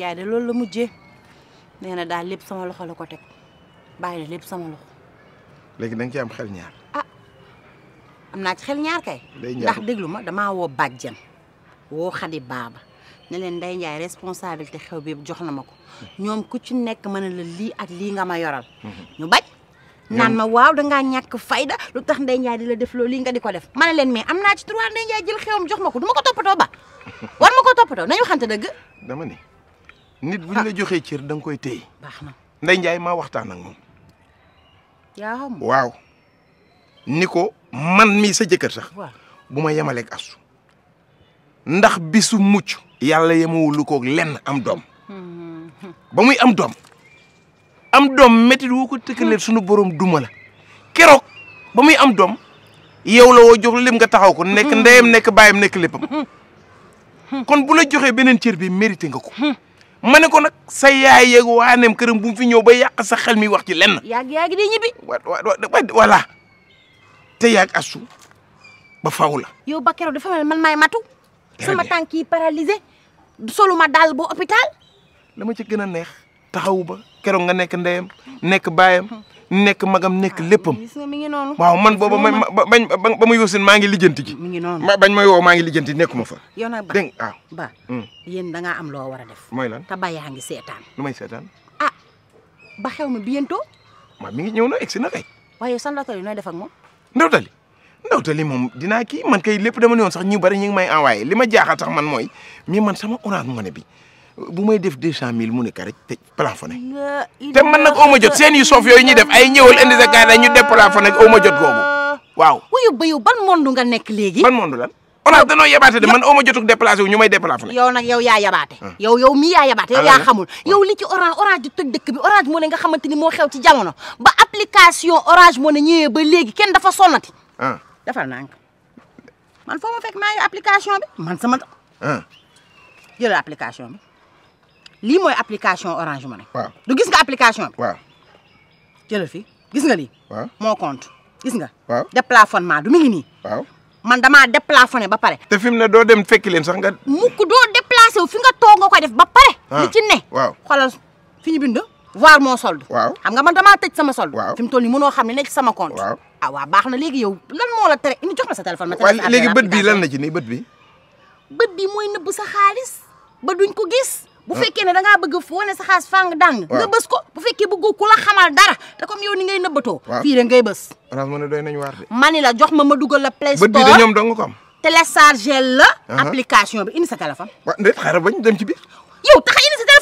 Ndiaye de loolu la mujjee nee na daal lépp sama loxo la ko teg bàyyi la lépp sama loxo. léegi da nga ci am xel ñaar. ah am naa xel ñaar kay. ndax déglu ma damaa woo bàjjan woo xadi baaba ne leen Ndeye Ndiaye responsabilité xew bi jox na ma ko ñoom ku ci nekk mën na la lii ak lii nga ma yoral. Mhm. ñu bañ. naan ma waaw dangaa ñàkk fayda lu tax Ndeye Ndiaye di la def loolu lii nga di ko def ma ne leen mais am naa ci droit Ndeye Ndiaye jël xewam jox ma ko du ma ko toppatoo ba war ma ko toppatoo nañu waxante dëgg. dama ne. nit bu ñu ah. la joxee cër da nga koy téye. ndax na Ndeye Ndiaye waxtaan ak moom. waaw. ni ko man mi sa jëkkër sax. bu ma yemaleeg asu ndax bisu mucc. yàlla yemawulu koog lenn am doom. Hmm. ba muy am doom. am doom métti woo ko tëkkalee sunu borom duma la keroog ba muy am doom yow la woo jox lim nga taxaw ko. nekk ndeyam nekk baayam nekk léppam. Hmm. kon bu la joxee beneen cër bi mérité nga ko. Hmm. ma ne ko nag sa yaay yeeg waaneem këram bu fi ñëw ba yàq sa xel mi wax ci lenn. yàgg yàgg de ñibbi. wa wa voilà te yàgg asu ba faw la. yow ba keroog dafa mel man maay matu. sama tànk yi paralysé solu ma daal ba hôpital. la ma ci gën a neex taxawu ba keroog nga nekk ndeyam nekk baayam. nekk magam nekk ah, léppam. waaw man booba ma ba ba ma yóosin maa ngi lijjanti ji. mi ngi noonu ma bañ ma yoo maa ngi lijjanti nekkuma fa. yow nag ba dégg nga waaw. Ah. Mm. yéen da am loo war a def. mooy lan te ba yaa ngi seetaan. lu may seetaan. ah ba xew mi bientôt. waaw mi ngi ñëw na egg si na waaye san ndaw tali nooy def ak moom. ndaw tali ndaw tali moom dinaa kii man kay lépp dama ne woon sax ñu bari ñu ngi may envoyé li ma jaaxal sax man mooy mais man sama orange money bi. bu may def deux cent mille mu ne ka rek te plafonné te man nag oo ma jot seen yu soof yooyu ñuy def ay ñëwal indi sa kaay ñu def plafonné ak oo ma jot googu waaw. wuyu ba yow ban monde nga nekk léegi. ban monde lan. onaat danoo yabaate de man oo ma jotuk déplacé wu ñu may déplacé. yow nag yow yaa yabaate. Ah. yow yow mii yaa yabaate yow yaa xamul. yow li ci orange orange di toj dëkk bi orange moo ne nga xamante moo xew ci jamono ba application orange dafa sonnati. Ah. defal man foo ma fekk maa ngi application sama. Ah. jëlal application lii mooy application orange money. waaw du gis nga application bi. waaw gis nga lii. moo compte gis nga. waaw déplafonnement du mi ngi nii. waaw man damaa déplafonné ba pare. te fi mu doo dem fekki leen sax nga. mukk doo déplacé wu fi nga toog nga koy def ba pare. Ah. li ci ne. waaw ñu bind. voir moo solde. waaw xam nga man damaa tëj sama solde. waaw fi mu toll nii mënoo xam ne nekk sama compte. waaw ah waaw baax na léegi yow lan moo la tere indi jox ma sa téléphone. ma téléphone affaire bët bii lan la ci nii bët bi bët bi mooy nëbb duñ ko gis bu fekkee ne da ngaa bëgg fu wane sa xaas fang dang nga bës ko bu fekkee bëggu ku la xamal dara te comme yow ni ngay nëbbatoo fii rek ngay bës orange ma ne doy waar de ma ni la jox ma ma dugal la play store bët bi de ñoom dong ko am téléchargé la application bi indi sa téléphone waaw ndey xaaral bañ dem ci yow taxa indi sa téléphone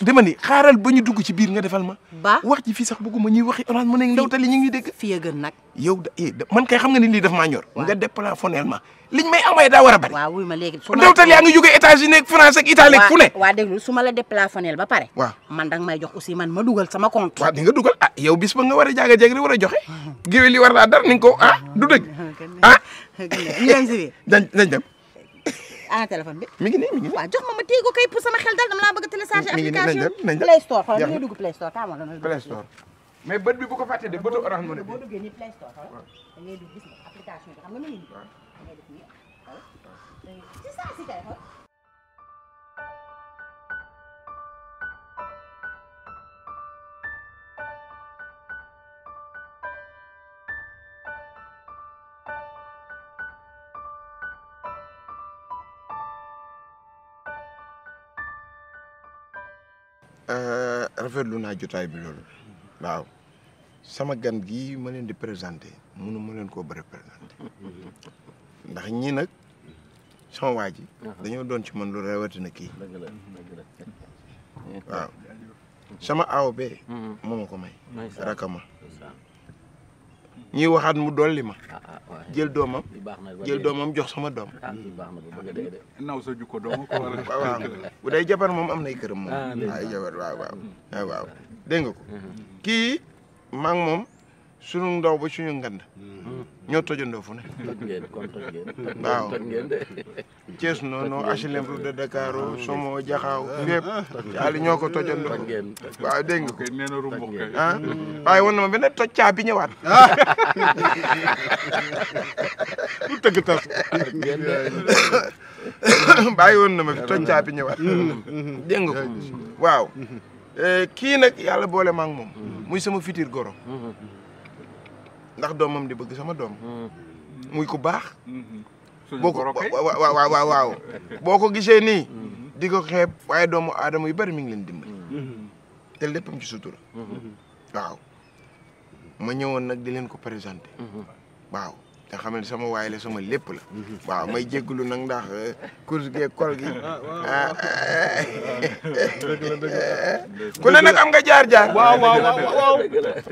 dama ni xaaral ba ñu dugg ci biir nga defal ma. ba wax ji fii sax bëgguma ñuy waxi Orange Money ak Ndawtali ñu ngi dégg. fii gën nag. yow da man nga ni lii daf maa ñor. nga ma liñ may amee daa war a bari. waaw wuy ma léegi su ma Ndawtali yaa ngi jógee États-Unis ak France ak Italie ak fu ne. waaw waaw déglu pare. waaw man danga may jox ma dugal sama compte. waaw di nga dugal a yow bis nga war a jaaga jeeg war a joxe. géwél yi war laa dar ni ko ah du dëgg ana ah, téléphone bi. mi ngi nii mi ngi nii waaw jox ma ma téye ko kay pour xel dal dama laa bëgg a application play store xoolal mi ngi dugg play store taamoon la bi bu ko fàttee de bëtu orange mo ne boo duggee nii play store xoolal da ngay Euh, rafetlu naa jotaay bi loolu waaw sama gan gi ma leen di présenté munu ma leen koo bëri présenté ndax ñii nag sama waa ji uh-huh. dañoo doon ci man lu rawatina kii waaw sama aaw bee mm-hmm. moo ma ko may rakama ñuy waxaat mu dolli ma ah, ah, jël doomam jël doomam jox sama doom. Ah, naw sa jukko doom ko war waaw bu day jabar moom am nay këram moom. Ah, ay jabar waaw waaw mm-hmm. waaw dégg nga ko. Mm-hmm. kii maa ngi moom sunu ndaw ba suñu ngand. Mm-hmm. ñoo tojandoo fu Thiès noonu HLM route de Dakar Somo Jaxaaw fépp Aliou ñoo ko tojoon waaw dégg nga nee na rumbu ah? na ma benn toj caa bi ñëwaat bu tëgg tas bàyyi woon na ma fi toj caa bi ñëwaat mm-hmm. Mm-hmm. dégg nga ko waaw mm-hmm. eh, kii nag yàlla boole ma ak moom muy sama futur goro ndax doomam di bëgg sama doom muy ku baax boo ko waaw waaw waaw boo ko gisee nii. di ko xeeb waaye doomu aadama yu bari mi ngi leen dimbali. te léppam ci sutura. ma ñëwoon nag di leen ko présenté. waaw te xam ne sama waay la sama lépp la. waaw may jégalu nag ndax eh, course gi kol gi. ku ne nag nga jaar jaar. waaw waaw waaw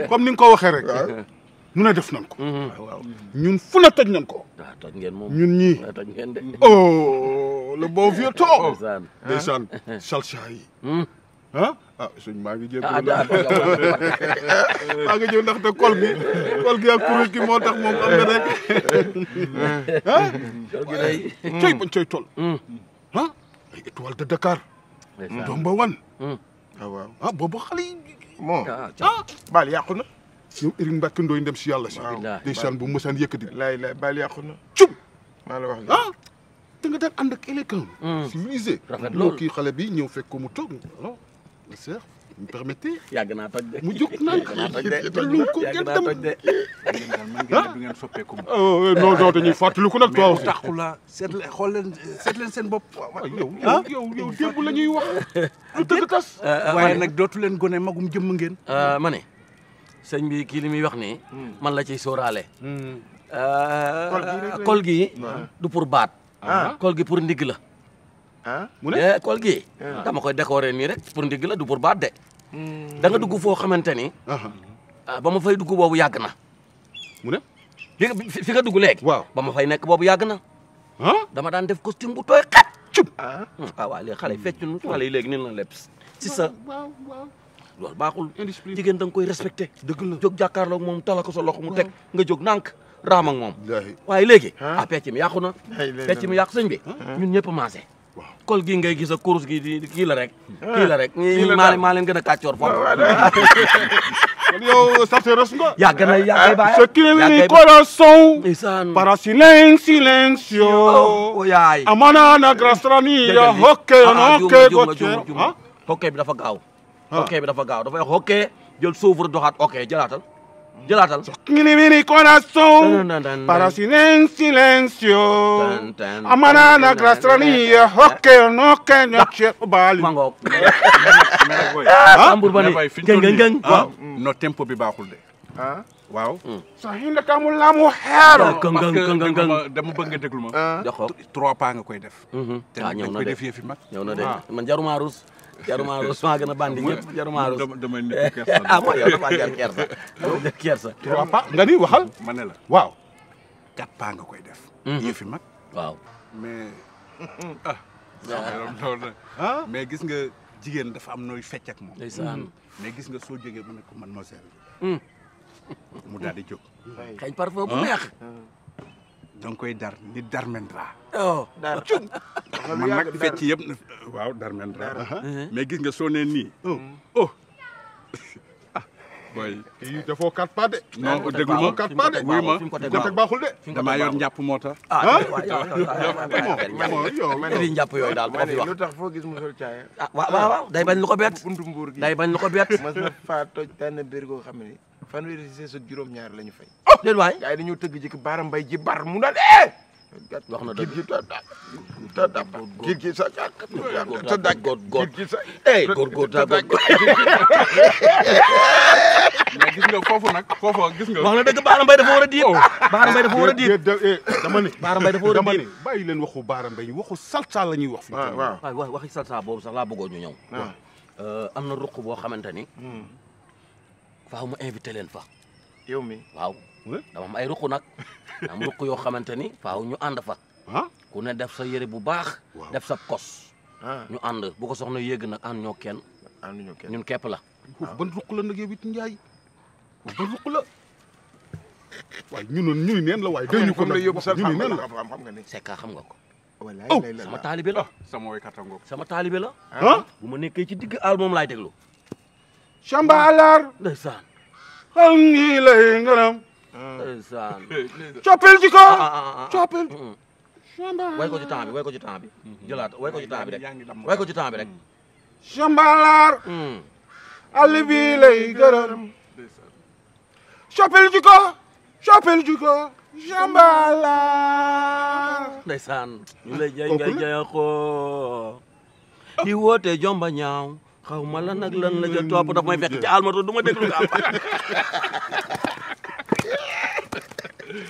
comme ni nga ko waxee rek. nu ne def nan ko. Mhm. waaw ñun fu na toj nan ko. waaw ah, toj ngeen moom ñun ñii. waaw toj ngeen de. oh le bon ah. yi. Hmm? Ah, suñ maa ngi jéem. ah ndax te kol gi kol gi ak kuréel moo tax moom am nga rek. ah. kol gi day. cay bañ cay toll. Hmm. ah de Dakar. doom ba wan. ah waaw yi. bon bal yàqu na. ñoom Éric Mbacke Ndoye dem si yàlla si. ndeysaan bu mosaan yëkkati. laay laay baal yàqu na. cum maa la wax ah te nga daan ànd ak élégant. Hmm. civilisé. rafet loolu kii xale bi ñëw fekk ko mu toog alors ma sœur mu permettez. yàgg naa toj de mu jóg naan te lu ko gën tam. man ngeen du ngeen soppeeku ma. non non dañuy fàttaliku nag. toi aussi mais mu taxu la seet leen xool leen seet leen seen bopp. Ah, yow ah? yow yow démb la ñuy wax. lu tëgg tas. waaye nag dootu leen gone magum jëmm ngeen. Euh, ma ne. sëñ bi kii li muy wax nii. Hmm. man la ciy sóoraale. Hmm. Euh, kol gi du pour baat. Ah. Ah. kol gi pour ndigg la. Ah. mu eh, kol gi dama koy décorer nii rek pour ndigg la du pour baat de. Hmm. danga nga dugg foo xamante ni. ba ma fay dugg boobu yàgg na. mu ne. dugg léegi. waaw ba ma fay nekk boobu yàgg na. dama daan def costume bu tooy xat. cub ah waaw xale yi fecc nu xale yi léegi nii la lepp si loolu baaxul. indiscipline jigéen da koy respecté. dëgg la jóg jàkkaarloog moom tala ko sa mu teg nga jóg nànk raam ak moom. waaye léegi. ah pecc mi yàqu na. pecc mi yàqu sëñ bi. ñun ñëpp maase. kol gii ngay gis ak kurus gi di kii la rek. kii la rek ñii maa maa leen gën a kàccoor foofu. kon yow safte ros nga. yaa gën a yaa koy bàyyi ce qui est le corazón. isaan para silencio silencio. o oh, yaay. amana na grastrani. hokke ah, ah, hokke gote hokke bi dafa gaaw. ok bi dafa gaaw dafay wax ok jël suufur doxaat ok jëlaatal jëlaatal sokkili mini corazón para sin en silencio amanana grastrania hokke nokke ñocce baali mangoog tambour bani geng geng ah? mm. no tempo bi baaxul de ah? waaw mm. sa hinda kamul laamu xeer ah, parce que dama nga koy def mm-hmm. te de man jaruma jaruma roos maa gën a bandi ñëpp jaruma roos damay nekk kersa ah mooy yow damaa jar kersa kersa trois pas nga ni waxal ma ne la waaw quatre pas nga koy def mhm. yëfi mag waaw mais ah ah mais gis nga jigéen dafa am nooy fecc ak moom mhm. mais gis nga soo jógee mu ne ko mademoiselle mhm. mu daal di jóg xëy parfois bu ah? neex ah. danga koy dar ni Darmendra. oh dar cung. man nag fecc yëpp waaw Darmendra. Uh-huh. mais gis nga soo nee nii. Oh. Oh. boy kii dafoo quatre pas de. non déglu ma quatre pas de. wuy ma dafa baaxul de. damaa yor njàpp moo tax. ah yow yow njàpp yooyu daal moo fi wax. lu tax foo gis mu sol caaya. ah waaw waaw day bañ lu ko bett. day bañ lu ko bett. mas na faa toj benn biir goo xam ne fanweeri si sa juróom-ñaar la ñu fay. Oh! déedéet waay gars yi dañoo tëgg jëkk baaram bay ji bar mu naan eh. wax na dëgg tata kirki sa tata kirki sa eh góorgóor sa góorgóor mais gis nga foofu nag foofu gis nga wax na dëgg Baara Mbaye dafa war a diir oh. Baara Mbaye dafa war a diir dama ne Baara Mbaye dafa war a diir dama ne bàyyi leen waxu Baara Mbaye waxu salsa la ñuy wax fii waaw waaw waxi salsa boobu sax laa bëggoon ñu ñëw euh, am na ruq boo xamante ni hmm. faaw ma invité leen fa yow mi waaw dama am ay ruq nag am ruq yoo xamante ni faaw ñu ànd fa ah? ku ne def sa yëre bu baax. def sa kos. Ah. ñu ànd bu ko soxna yéeg nag ànd ñoo kenn. ànd ñoo nag yow ñu ne ñu neen la waaye. xam nga comme yóbbu sa xam nga ne Secka xam nga oh! ah, sama taalibe la sama ah. way bu ma nekkee ci digg àll moom laay déglu. Samba Alar. ndeysaan. xam ngaram. ndeysaan. coppil ci ko coppil. way ko ci temps bi way ko ci temps bi. jëlaat way ko ci temps bi rek way ko ci temps bi rek. ma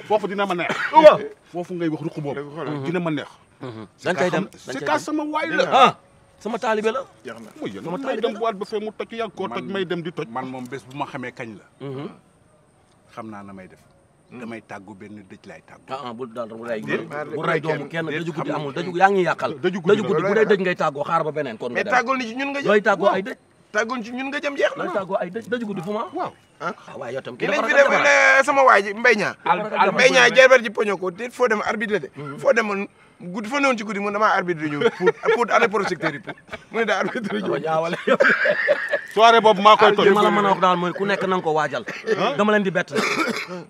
foofu dina ma neex. foofu ngay wax ruq boobu. dina ma neex. Mhm. da nga koy dem si ka sama waay la. Ah, sama taalibe la. jeex na muy yéen sama taalibe dem boîte ba fee mu may dem di toj. man moom bés bu ma xamee kañ la. Mhm. xam naa na may def. Hmm. damay tàggu benn dëj laay tàggu. ah ah bu daal bu ray bu doomu kenn daju guddi amul daju yaa guddi bu dee dëj xaar ba beneen kon nga dem mais dëj tàgguñ ci ñun nga jëm jeex na. tàggoo ay daj guddi fu ma waaw. ah, ah waaw yow tam kii dafa rafet la ne sama waay ji Mbaye Niang. al Mbaye Niang jërëjëf ji poño ko te foo dem arbitre la de. Mm-hmm. foo demoon guddi foo newoon ci guddi mu damaa arbitre ñu pour pour année projecteur yi pour mu ne daa arbitre ñu. waaw soirée boobu maa koy toj. li ma la mën a wax daal mooy ku nekk na nga ko waajal. Ah? dama leen di bett rek.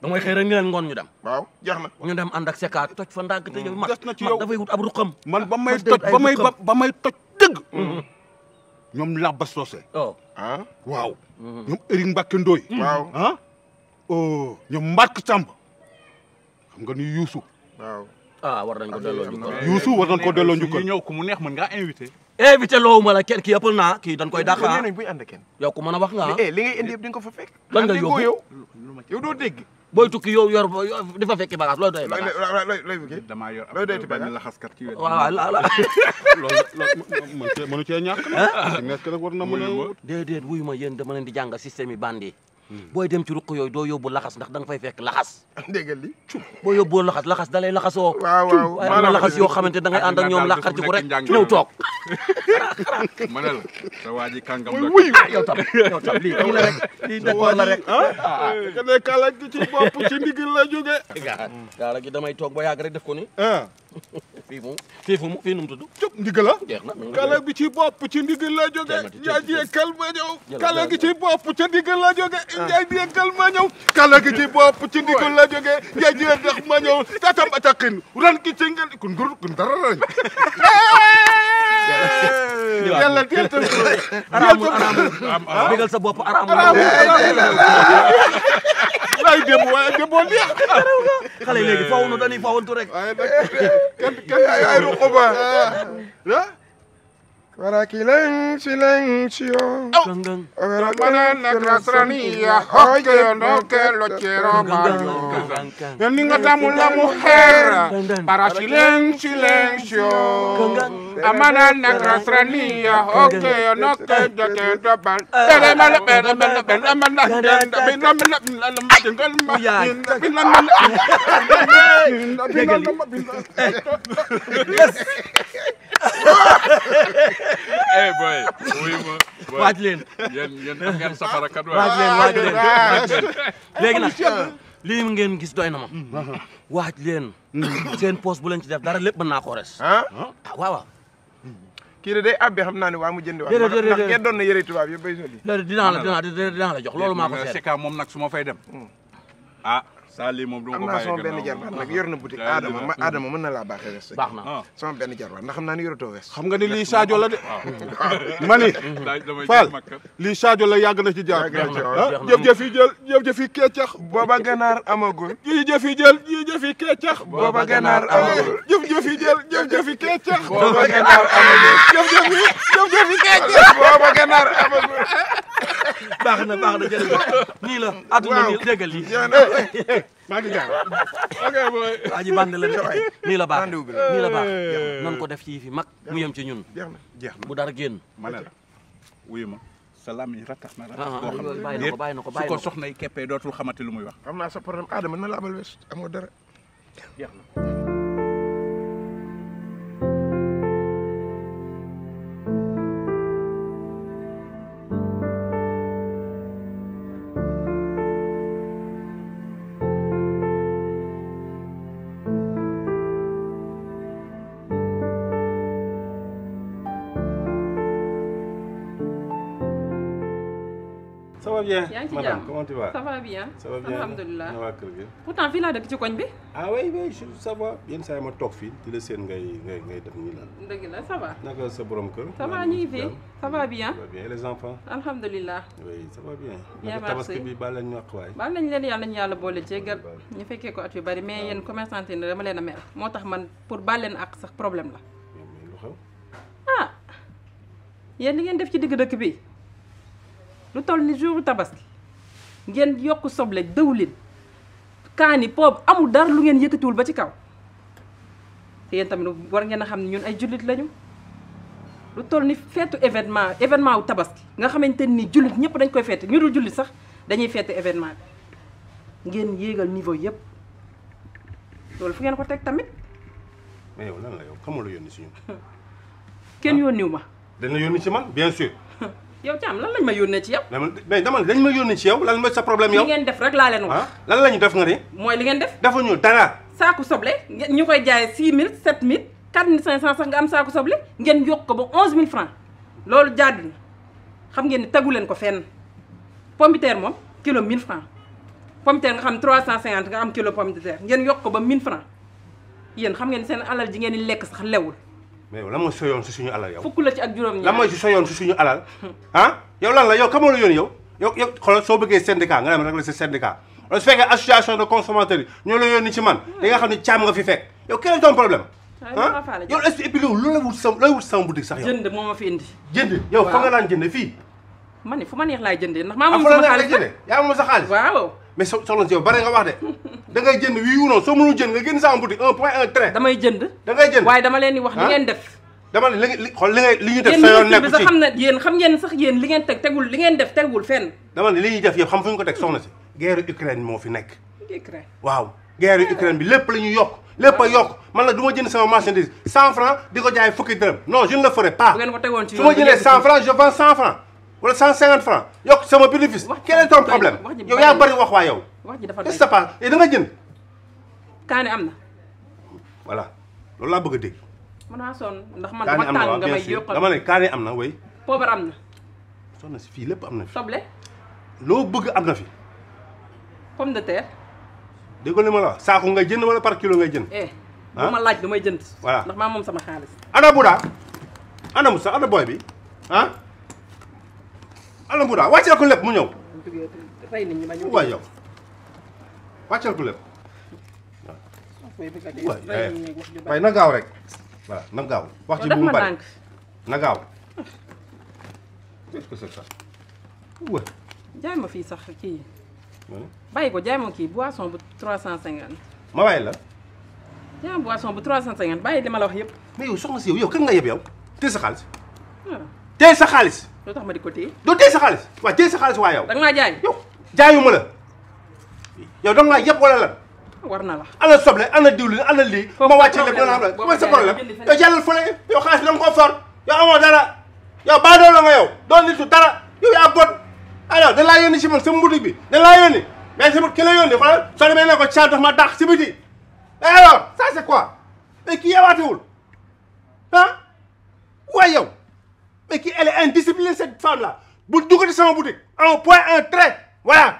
damay xëy rek ni leen ngoon ñu dem. waaw jeex na. ñu dem ànd ak Seka toj fa ndànk te mm. yow. des na ci yow man dafay wut ab ruqam. man ba may toj ba may ba may toj dëgg mm-hmm. ñoom Labba Socé. Oh. Ah? waaw. Mm-hmm. ñoom Éric Mbacke Ndoye. waaw ah. Oh, ñoom Mbark Samb xam nga ni Youssou. waaw ah war nañ ko delloo njukkal. Youssou war koo ko delloo njukkal. ñëw ku mu neex mën ngaa invité. invité loowu ma la kenn kii yëppal naa kii dañ koy dàq ah. yow mën a wax nga eh, ah. Eh, li ngay indi yëpp di nga ko fa fekk. lan ah, nga yóbbu yow doo dégg. booy tukki yow yor di fa fekki bagage looy doy bagage. looy looy looy damaa yor looy doy ci benn laxaskat ci wet. waaw la loolu mënu cee ñàkk. nekk nag war na ma a. déedéet wuyu ma yéen dama leen di jàngal système yi bandi booy dem ci ruq yooyu doo yóbbu laxas ndax da nga fay fekk laxas dégg li laxas laxas da lay laxasoo waaw waaw waaye am laxas yoo xamante da ngay ànd ak ñoom laqar ci ko rek ñëw toog ma ne la sa waa ji kàngam la ah, yow tam yow tam lii lii la rek lii d'accord la rek ah ka ne kala gi ci bopp ci ndigil la jóge kaala gi damay toog ba yàgg rek ko ni ah. fii moom fii fu mu fii nu mu tudd cub ndigal la jeex na kala gi ci bopp ci la jóge yaa jee kal ma ñëw kala gi ci bopp yaay di yenkal ma ñëw kala ki ci bopp ci ndigal la jógee yaay di tax ma ñëw tatam atakin ran ki ci ngel kun gur kun dara lañ yàlla teel tam aramu aramu bégal sa bopp aramu waaye démb waaye démboo neex xale léegi faw nu dañuy fawantu rek ay ay ay ruqba ah. ah. Warakilen silencio. Warakilen nasranía. Oye, yo no que lo quiero malo. Yo niño damos la mujer para silencio, silencio. Amana nasranía. Oye, yo no que yo quiero mal. Dale mal, dale mal, dale mal, dale mal, dale eh boy wuyu ma. waaj leen yéen yéen am ngeen safara kat waaj leen waaj leen waaj leen léegi nag lii ngeen gis doy na ma. waaj leen. seen poste bu leen ci def dara lépp mën naa koo res. Ah? ah waaw waaw. kii de day abbe xam naa ne waa mu jënd waa ndax ngeen doon na yëre tubaab yëpp bay soli. dinaa la dinaa la jox loolu maa ko seet. Sika moom nag su ma fay dem hmm. ah. saa lii moom du ma ko bàyyi sama benn jarbaat na boutique Adama ma Adama mën na laa baaxee wes baax na sama benn jarbaat ndax xam naa ni yoratoo wes xam nga ni lii Sadio la de mani Fall lii Sadio la yàgg na ci jaar ah, jëf jëf yi jël jëf jëf yi keccax booba ganaar amagul jëf jëf yi jël jëf jëf yi keccax booba ganaar amagul jëf jëf yi jël jëf jëf yi keccax booba ganaar amagul jëf jëf yi jëf jëf yi baax na baax na jërëjëf nii la àdduna nii déggal lii maa ngi jàng la nii la baax nii la baax ko def ci fi mag mu yem ci ñun jeex na jeex na bu dara génn ma ne la wuyu ma na rattax koo ah, ah, ah, bàyyi na ko bàyyi na ko su soxna yi keppee dootul xamante lu muy wax am naa sa problème Adama na la abal wes am nga dara na bien madame comment tu vas bien ça bien alhamdulilah na waa fii laa dëkk ci koñ bi ah oui oui je ça va yenn saa yi ma toog fii di seen ngay ngay ngay def nii la dëgg la ça va naka sa borom kër ça va ñu ngi fi ça va bien ça va bien les enfants alhamdulilah oui ça bien naka tabaski bi baal lañ ñàq waay baal lañ leen yàlla ñu yàlla boole ci gër ñu fekkee ko at yu bari mais yéen commerçant yi dama leen a mer moo tax man pour baal leen ak sax problème la ah yéen li ngeen def ci digg dëkk bi lu toll ni jour tabaski ngeen yokk soble dëwlin kaani poob amul dara lu ngeen yëkkatiwul ba ci kaw te yéen tamit war ngeen a xam ne ñun ay jullit lañu lu tol ni feetu événement événement wu tabaski nga xamante nii jullit ñëpp dañ koy feete ñu dul jullit sax dañuy feete événement bi ngeen yéegal niveau yëpp loolu fu ngeen ko teg tamit. mais yow lan la yow xamuloo yónni si ñun. kenn yónniwu ma. Ah, dana yónni si man yow Thiam lan lañ ma yónnee ci yow. mais dama lañ ma yónnee ci yow lan mooy sa problème yow. li ngeen def rek laa leen wax. Ah, lan la ñu def nga ni. mooy li ngeen def. defuñu dara. saako soble ñu koy jaayee 6000 7000 4500 sax nga am saako soble ngeen yokk ko ba 11000 francs loolu jaar na xam ngeen ne tagu leen ko fenn pomme moom kilo 1000 francs pomme nga xam nga xam 350 nga am kilo pomme de terre ngeen yokk ko ba 1000 francs yéen xam ngeen seen alal ji ngeen di lekk sax lewul. mais yow lan mooy sa yoon si suñu alal yow. fukk la ci ak juróom-ñi lan mooy si sa yoon si suñu alal. ah lan la yow kamoo la yoon yow yow yow xoolal soo bëggee syndicat nga dem rek la si syndicat wala su fekkee association de consommateurs yi ñoo la yoon ni ci man di nga xam ne caam nga fi fekk yow quel est ton problème. la wut sama looy wut sama sax yow. jënd moo ma fi indi. jënd yow fa nga daan jënd fii. ma ne fu ma neex laay jëndee ndax maa moom ah, sama xaalis yaa moom sa xaalis mais soxna si yow bare nga wax de da jënd wii wu noonu soo mënul jënd nga génn sa boutique un point un trait. damay jënd da ngay jënd waaye dama leen di wax li ngeen def. dama ne li li xool li ngay ngeen li ngeen teg tegul li ngeen def tegul fenn. dama ne li ñuy def yow xam fu ñu ko teg soxna si. guerre Ukraine moo fi nekk. waaw. guerre Ukraine bi lépp la ñu yokk lépp yokk man la du ma jënd sama marchandise cent franc di ko jaay fukki dërëm non je ne le ferai pas. ko tegoon ci yoon su cent franc wala 150 francs yokk sama bénéfice. wax keneen toom problème yow yaa bari wax waa yow. wax ji dafa doy qu'est-ce eh, da nga jënd. kaani am na. voilà loolu laa bëgg a dégg. mën naa sonn ndax man dama tàng nga may yokkal dama am na way poobar am na. sonn si fii lépp am na fi. soble. loo bëgg am na fi. pomme de terre. déggoo li ma la wax saako nga jënd wala par kilo ngay jën eh, ah bu ma laaj damay jën voilà ndax maa mom sama xaalis. ana Bouda ana Moussa ana boy bi ah. ala mbura wàcceel ko lépp mu ñëw. waaw yow wàcceel ko lépp waaw. Eh. waaye na gaaw rek voilà na gaaw. wax ci bu mu bari na gaaw. est-ce que c'est ça jaay ma fii sax kii bàyyi ko jaay ma kii boisson bu 350. ma bàyyi la. jaay ma boisson bu 350 bàyyi li ma la wax yëpp. mais yow soxna si yow yow kan nga yëpp yow téye sa xaalis. Ah. sa xaalis. loo ma ko téye. doo téye sa xaalis waaw téye sa xaalis waa yow. da nga maa jaay yow jaayuma la yow da nga maa yëpp wala lan. war na la ana soble ana diwlin ana lii. ma wàcce lépp dana am la mooy sa yow jàllal fële yow xaalis da nga koo for yow amoo dara yow baadoo la nga yow doo nitu dara yow yaa bon alors da laa yónni si man sa mbuutik bi da laa yónni mais sama ki la yónni xoolal soo demee ne ko caa dox ma dàq si biti alors ça c'est quoi mais kii yeewaatewul ah waaye yow. mais qui elle est indisciplinée cette femme là bu duggati sama boutique un point un trait voilà.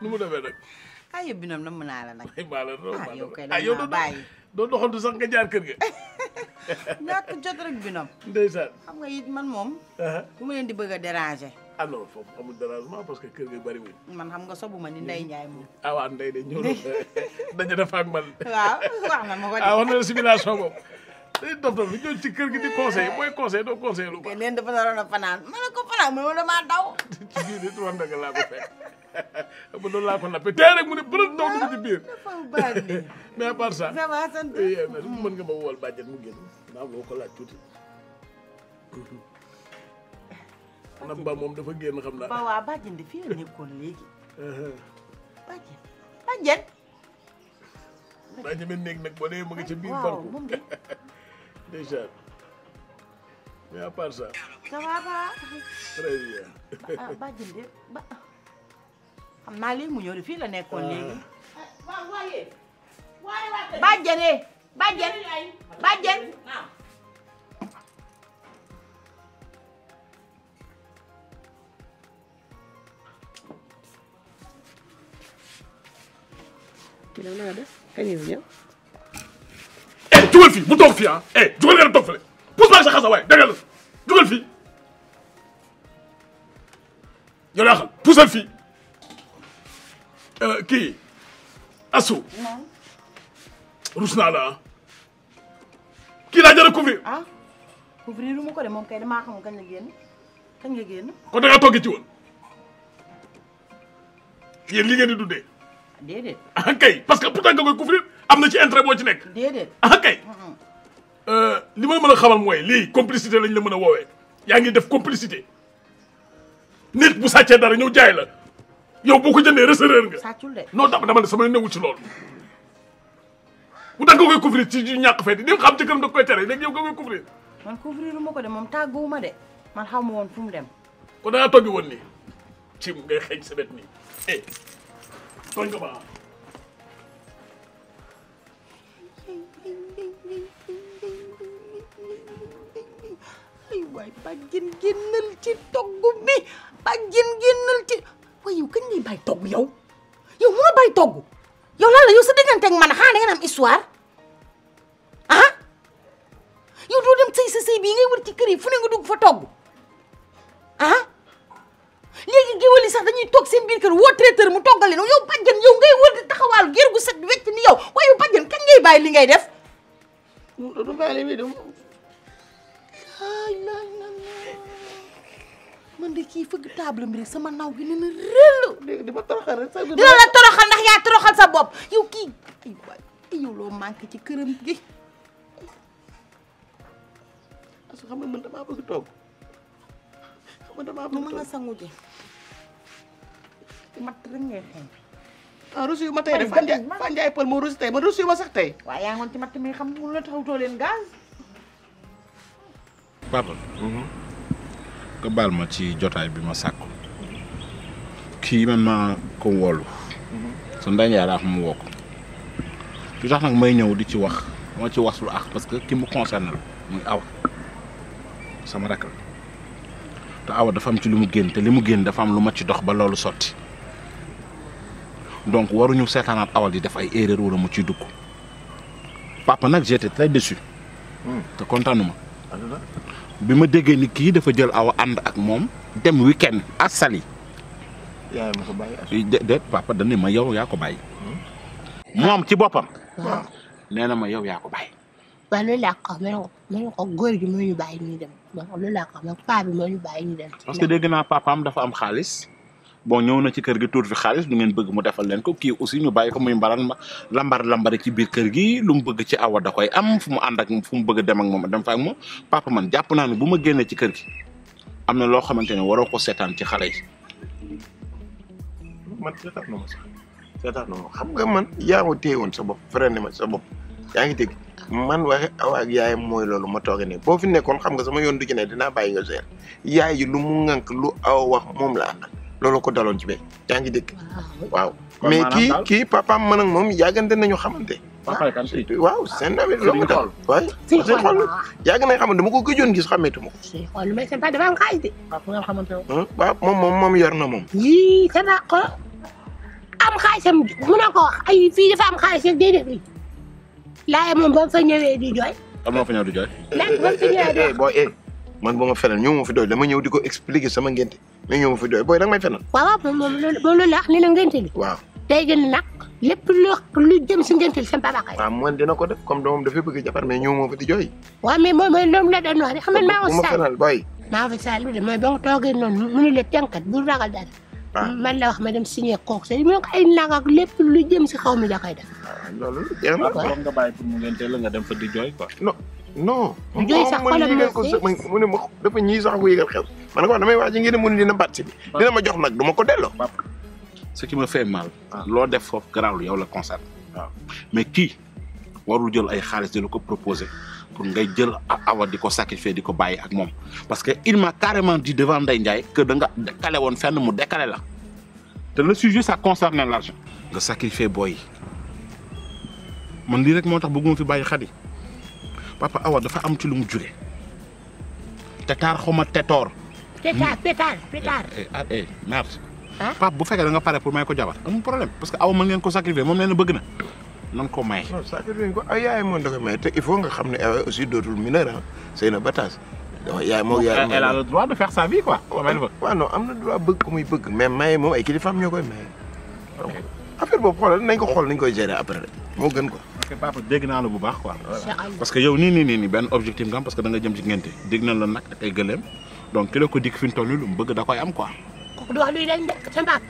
nu mu demee nag. ah Binom na mën naa la nag. maa la doon maa yow kay ah, dañu maa bàyyi. doo doxantu sax nga jaar kër ga. ñàkk jot rek Binom. ndeysaan. xam nga it man moom. bu uh-huh. ma di bëgg a déranger. ah non foofu amul dérangement parce que kër ga bëriwul. man xam nga sobuma ni Ndeye Ndiaye moom. ah waaw Ndeye de ñëw na daje dafa ak man. waaw wax nga ma ko de. ah wax na la simulation boobu. dañuy toog toog lu ñëw ci kër gi di conseil booy conseil doo conseil lu. leen dafa naroon a fanaan ma ne ko fanaan ma wala maa daw. ci biir it wax dëgg laa ko fekk ba loolu laa ko nappe tey rek mu ne bëri na taw ci biir. mais à part ça. ça va sant. Eh, mën nga ma wowal bàjjen mu génn. maa ngi ko laaj tuuti. na ba moom dafa génn xam naa. ba waa bàjjen de fii la nekkoon léegi. bàjjen bàjjen. bàjjen bi néeg nag ah, xam naa léegi mu ñëw de fii la nekkoon ah. léegi. Eh, waaw waaye. waaye waa yow naa def kañ yow ñëw. eh jugal fii mu toog fii ah eh jugal nga dem toog fële pousse la sa xasa waaye dégg nga jugal fii yow yaa xam pousse fii euh, kii asu. rus naa la ah. kii laa jar a couvrir. ah couvrir ko de moom kay damaa xamul kañ la génn kañ nga génn. kon da ngaa ci woon yéen li dundee. déedéet ah kay parce que pourtant nga koy couvrir am na ci intérêt boo ci nekk. déedéet ah kay. Euh, li may mën a xamal mooy lii complicité lañ la mën a woowee yaa ngi def complicité nit bu sàccee dara ñëw jaay la yow boo ko jëndee reseréer nga. sàccul de non dama ne sama newul ci loolu. bu da nga koy couvrir ci ñàkk fay di nga xam ci këram da koy tere léegi yow nga koy couvrir. man couvriruma ko de moom tàgguwuma de man xamu woon fu mu dem. kon da ngaa togg woon nii cim ngay xeeñ sa bët nii eh. tooñ ko baax. ay waay bàjjen génnal ci togg bi bàjjen génnal ci yow kañ ngay bàyyi togg yow yow mënoo bàyyi togg yow lan la yow sa ah yow doo dem sëy sa sëy bii ngay wër ci kër yi fu ne nga dugg fa togg ah. léegi géwél yi sax dañuy toog seen biir kër woo traiteur mu toggal leen yow bàjjen yow ngay wër di taxawaal gér gu set wecc ni yow waaye yow bàjjen kañ ngay bàyyi li ngay def. du bàyyi li kii fëgg table bi sama naw gi nee na réel. di ma toroxal rek dina la toroxal ndax yaa toroxal sa bopp yow kii yow loo manqué ci këram gi. parce que xam nga man damaa bëgg toog. man damaa bëgg toog mu mën a sangu ji. matt rek ngay xeeñ. ah ruus yu ma tey de Fane Ndiaye Fane yu ma sax tey. waaw yaa ngoon ci matt mi xam nga lu la leen gaz. pardon. Mhm. baal ma ci jotaay bi ma sàkku. ki man maa ko wóolu. Mhm. su Ndeye Ndiaye laa xam woo ko. tax nag may ñëw di ci wax moo ci wax lu ax parce que ki mu concerné la muy awa sama rakk la te awa dafa am ci lu mu génn te li mu génn dafa am lu ma ci dox ba loolu sotti. donc waruñu seetaanaat awal di def ay erreur wala mu ciy dugg papa nag j'étais très déçu hmm. te kontaanuma bi ma déggee ni kii dafa jël awa ànd ak moom dem weekend à Saly yaay ma ko bàyyi eh, déet papa dañ ne ma yow yaa ko bàyyi hmm? moom ci boppam nee na ma yow yaa ko bàyyi waaw loolu laa ko ma ko góor gi moo ñu bàyyi ñu dem loolu laa ko xam paa bi moo ñu bàyyi ñu dem parce que dégg naa papaam dafa am xaalis bon ñëw na ci kër gi tuut fi xaalis lu ngeen bëgg mu defal leen ko kii aussi ñu bàyyi ko muy mbaran lambar lambari ci biir kër gi lu mu bëgg ci awa da am fu mu ànd ak fu mu bëgg dem ak moom dem fa ak moom papa man jàpp naa bu ma génnee ci kër gi am na loo xamante ne waroo ko seetaan ci xale yi. man seetaan na ma xam nga man yaa ma téye woon sa bopp freiné ma sa bopp yaa ngi dégg man waxe awa ak yaayam mooy loolu ma toogee ne boo fi nekkoon xam nga sama yoon du ci dinaa bàyyi nga yaay ji lu mu ŋànk lu aw wax moom la àndal loolu ko daloon ci be yaa ngi dégg. waaw mais kii kii papaam man ak moom yàggante nañu xamante. Ah, waaw seen nawet ah, loolu ko dal waaye si xool yàgg nañ xamante dama ko gëjoon gis xameetu ma ko. si xool mais seen dafa am xaalis de. Hmm? waaw moom moom moom yor na moom. yii seen ko am xaalisam mun na ko wax ay fii dafa am xaalis rek day def lii laay moom ba mu fa di jooy. am man boo ma fenal ñoo ma fi doy dama ñëw di ko expliquer sama ngénte mais ñoo fi doy booy danga may fenal. waaw waaw moom moom loolu la ni la ngénte li waaw day gën nag lépp loo lu jëm si ngénte li seen papa kay. waaw man dina ko def comme doomam dafay bëgg a jàppar mais ñoo ma fa di jooy. waaw mais moom mooy loolu la doon wax rek xam nga maa ko. bu ma fenal booy. maa ko Saalum de mooy ba nga toogee la ah. la wax ma dem signé kooku sax mu ko ay nag ak lépp lu jëm si xaw mi da koy def. waaw ah, loolu. jeex na nga bàyyi la nga dem fa di jooy quoi. non yooyu sax xolam mu ko mu ne ma dafa ñii sax ko yëgal xel man ne ko wax damay wax ji ngeen mu ne dina bàtt si bi dina ma jox nag du ma ko delloo ce qui me fait mal ah. loo def foofu garaawul yow la concerne ah. mais kii warul jël ay xaalis di la ko proposer pour ngay jël awa di ko sacrifier di ko bàyyi ak moom parce que il m'a carrément di devant Ndeye Ndiaye que da nga décalé woon fenn mu décalé la te le sujet ça concerne nga sacrifier booy man lii rek moo tax bëgguma fi bàyyi xadi papa awa dafa am ci lu mu jóge tetaar xaw ma tetoor. tetaar tetaar eh, eh, ah, tetaar. Eh, merci. Ah? papa bu fekkee da nga pare pour may ko jabar amul problème parce que awa mën ngeen ko sacrifier moom nee na bëgg na nan ko may. non sacrifier ko ay ah, yaay moom da koy may te il faut nga xam ne awa aussi dootul mineur ah sëy na bataas. yaay moom yaay elle a le droit de faire sa vie quoi. waaw non am na droit bëgg ku muy bëgg mais may moom ay kilifaam ñoo koy may. affaire boobu xoolal nañ ko xool nañ koy gérer après. moo gën ko parce papa dégg naa la bu baax quoi. parce que yow nii nii nii nii benn objectif nga am parce que da nga jëm ci ngénte dégg nañ la nag ak ay gëléem donc ki ko dikk fi mu toll lu mu bëgg da koy am quoi. kooku du wax sa mbaam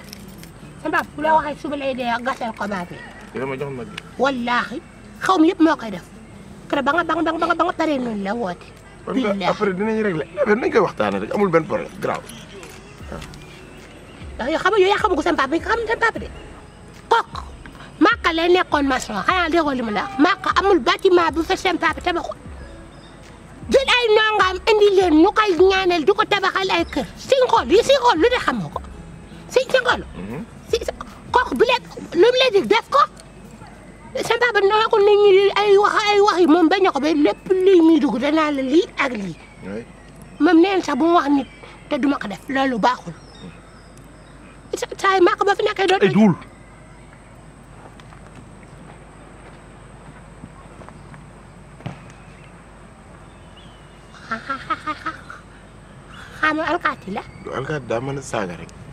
sa mbaam bu la waxee suba lay dee gasal ko baabi. dina ma jox nag. wallaahi xaw ma yëpp koy def keroog ba nga ba nga ba nga ba nga paree noonu la woote. billaay koy waxtaanee rek amul benn problème grave waaw. ndax yoo xam nga yaa xamagu sa mbaam bi nga xam ne sa mbaam de kooku Màkka lay nekkoon maçon xanaa déggoo li mu la wax Màkka amul bâtiment bu fa seen papa tabaxul jël ay nongaam indi leen ñu koy ñaanal di ko tabaxal ay kër mhm. si yi si lu de xamoo ko si si ngool si kooku bu lu mu la def ko seen papa dina ko nit ay wax ay wax ko ba lépp luy ñuy dugg danaa la lii ak lii moom neen sax bu mu wax nit te duma ko def loolu baaxul mhm. saa yi Màkka ba fi nekkee doon xaaral alkaati la. du alkaati daa mën a saaga